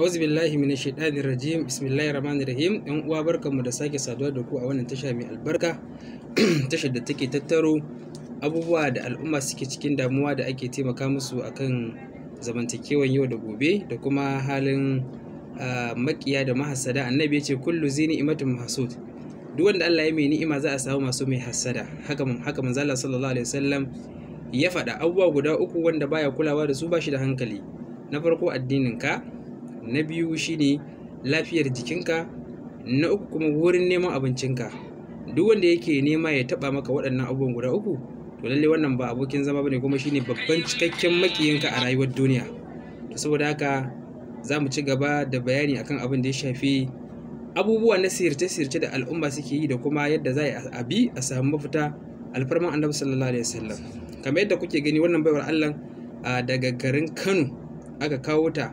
auzu billahi min shaitanir rajim bismillahir rahmanir rahim yan uwa barkanmu da sake saduwa da ku a wannan tasha mai albarka tashar da take tattaro abubuwa da al'umma suke cikin damuwa da ake taimaka musu kan zamantakewan yau da gobe da kuma halin makiya da mahasada annabi ya ce kullu zini imatun mahasud duk wanda Allah ya mai ni'ima za a samu masu mai hasada haka haka manzo sallallahu alaihi wasallam ya faɗa abubuwa guda uku wanda baya kulawa da su bashi da hankali na farko addinin ka na biyu shine lafiyar jikinka na uku kuma wurin neman abincinka duk wanda yake nema ya taba maka waɗannan abubuwan guda uku to lalle wannan ba abokin zama bane kuma shine babban cikakken makiyinka a rayuwar duniya to saboda haka za mu ci gaba da bayani akan abin da ya shafi abubuwa na sirce-sirce da al'umma suke yi da kuma yadda za a bi a samu mafita alfarman annabi sallallahu alaihi wasallam kamar yadda kuke gani wannan baiwar Allah daga garin Kano aka kawo ta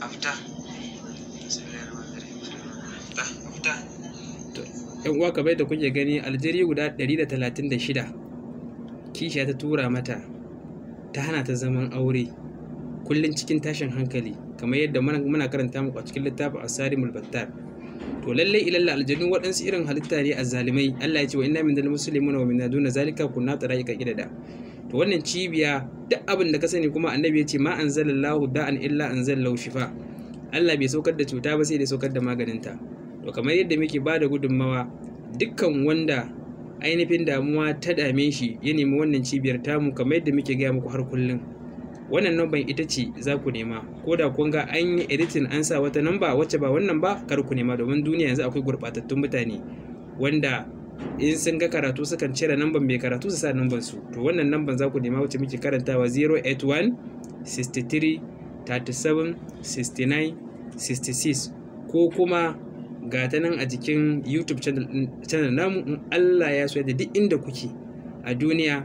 afta yan uwa kamar yadda kuke gani aljeriya guda 136 kishiya ta tura mata ta hana ta zaman aure kullum cikin tashin hankali kamar yadda muna karanta muku a cikin littafin asari mulbattar to lallai ilalla aljanu waɗansu irin halitta ne a zalimai allah ya ce wa inna min dal muslimuna wa min duna zalika kunna taraika gidada to wannan cibiya duk abin da ka sani kuma annabi ya ce ma an da an illa an anzalallahu shifa Allah bai saukar da cuta ba sai da saukar da maganinta to kamar yadda muke ba da gudunmawa dukkan wanda ainihin damuwa ta dame shi ya nemi wannan cibiyar tamu kamar yadda muke gaya muku har kullum wannan namban ita ce za ku nema ko da kun ga an yi editin an sa wata namba wacce ba wannan ba kar ku nema domin duniya yanzu akwai gurɓatattun mutane wanda in sun ga karatu sukan cire namban mai karatu su sa namban su to wannan namban za ku nema wacce muke karantawa 081 63 37 69 66 ko kuma ga ta nan a jikin youtube channel namu in allah ya so yadda duk inda kuke a duniya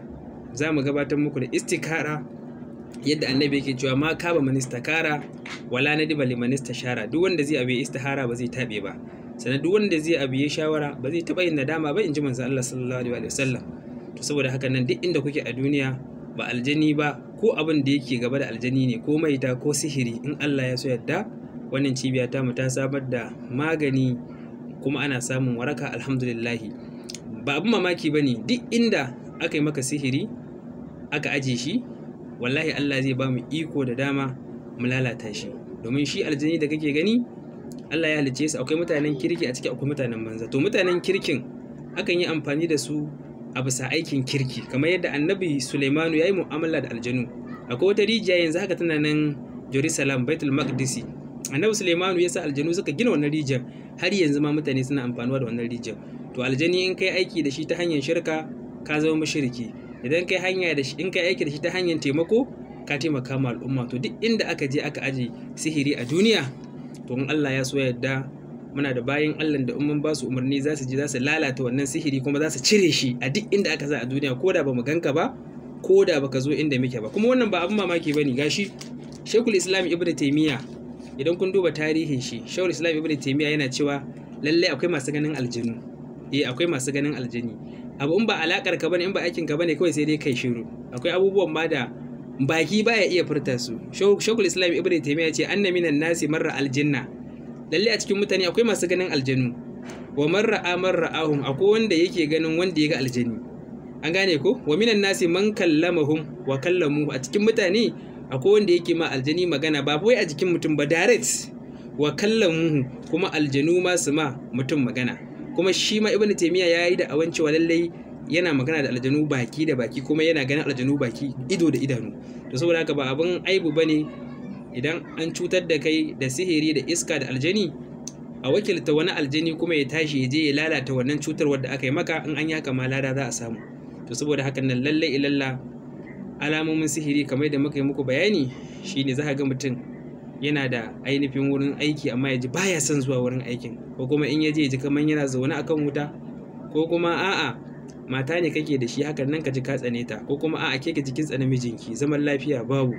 za mu gabatar muku da istikara yadda annabi yake cewa ma kaba manista kara wala na dibali Minista shara duk wanda zai abu istihara ba zai tabe ba sannan duk wanda zai abu shawara ba zai taba yin nadama ba in ji manzo Allah sallallahu alaihi wasallam to saboda haka nan duk inda kuke a duniya ba aljani ba ko abin da yake gaba da aljani ne ko maita ko sihiri in Allah ya so yadda wannan cibiya ta mu ta samar da magani kuma ana samun waraka alhamdulillah. ba abin mamaki bane duk inda aka yi maka sihiri aka aje shi wallahi Allah zai ba mu iko da dama mu lalata shi domin shi aljini da kake gani Allah ya halice su akwai mutanen kirki a ciki akwai mutanen manza. to mutanen kirkin akan yi amfani da su a bisa aikin kirki kamar yadda annabi Sulaimanu ya yi mu'amala da aljanu akwai wata rijiya yanzu haka tana nan Jerusalem Baitul Maqdis annabi Sulaimanu ya sa aljanu suka gina wannan rijiyar har yanzu ma mutane suna amfanuwa da wannan rijiyar to aljani in kai aiki da shi ta hanyar shirka ka zama mushriki idan kai hanya da shi in kai aiki da shi ta hanyar taimako ka taimaka ma al'umma to duk inda aka je aka aje sihiri a duniya to in Allah ya so yadda muna da bayan Allah da umman ba su umarni za su je za su lalata wannan sihiri kuma za su cire shi a duk inda aka sa a duniya ko da ba mu ganka ba ko da baka zo inda muke ba kuma wannan ba abin mamaki bane gashi Sheikhul Islam Ibn Taymiyyah idan kun duba tarihin shi Sheikhul Islam Ibn Taymiyyah yana cewa lallai akwai masu ganin aljinu eh akwai masu ganin aljini abu in ba alakar ka bane in ba aikin ka bane kawai sai dai kai shiru akwai abubuwan ma da baki baya iya furta su shakul islam ibn taymiya ce anna minan nasi marra aljanna lalle a cikin mutane akwai masu ganin aljannu wa marra amarra ahum akwai wanda yake ganin wanda ya ga aljanni an gane ko wa minan nasi man kallamahum wa kallamu a cikin mutane akwai wanda yake ma aljani magana ba wai a jikin mutum ba direct wa kallamu kuma aljanu ma su ma mutum magana kuma shi ma ibnu taymiya yayi da awan cewa lallai yana magana da aljanu baki da baki kuma yana ganin aljanu baki ido da idanu to saboda haka ba abin aibu bane idan an cutar da kai da sihiri da iska da aljani a wakilta wani aljani kuma ya tashi ya je ya lalata wannan cutar wadda aka yi maka in an yi haka ma lada za a samu to saboda haka nan lallai ilalla alamomin sihiri kamar da muka yi muku bayani shine za ka ga mutum yana da ainihin wurin aiki amma ya ji baya son zuwa wurin aikin ko kuma in ya je ji kamar yana zaune akan wuta ko kuma a'a mata ne kake da shi hakan nan ka ji ka tsane ta ko kuma a'a ke ka jikin tsane mijinki zaman lafiya babu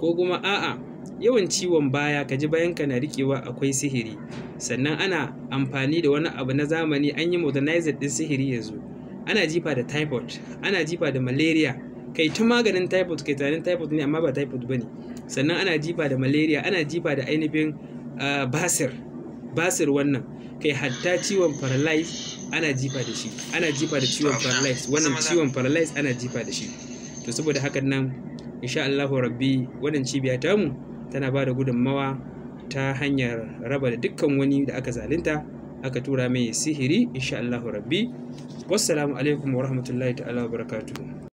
ko kuma a'a yawan ciwon baya ka ji bayan ka na rikewa akwai sihiri sannan ana amfani da wani abu na zamani an yi modernized din sihiri yanzu ana jifa da typhoid ana jifa da malaria kai ta maganin typhoid kai tarin typhoid ne amma ba typhoid bane sannan ana jifa da malaria ana jifa da ainihin ah, basir basir wannan kai hatta ciwon paralyze ana jifa da shi ana jifa da ciwon paralyze wannan ciwon paralyze ana jifa da shi to saboda hakan nan insha Allahu rabbi wannan cibiya mu tana ba da gudunmawa ta hanyar raba da dukkan wani da aka zalunta aka tura mai sihiri insha Allahu rabbi wassalamu alaikum wa rahmatullahi ta'ala wa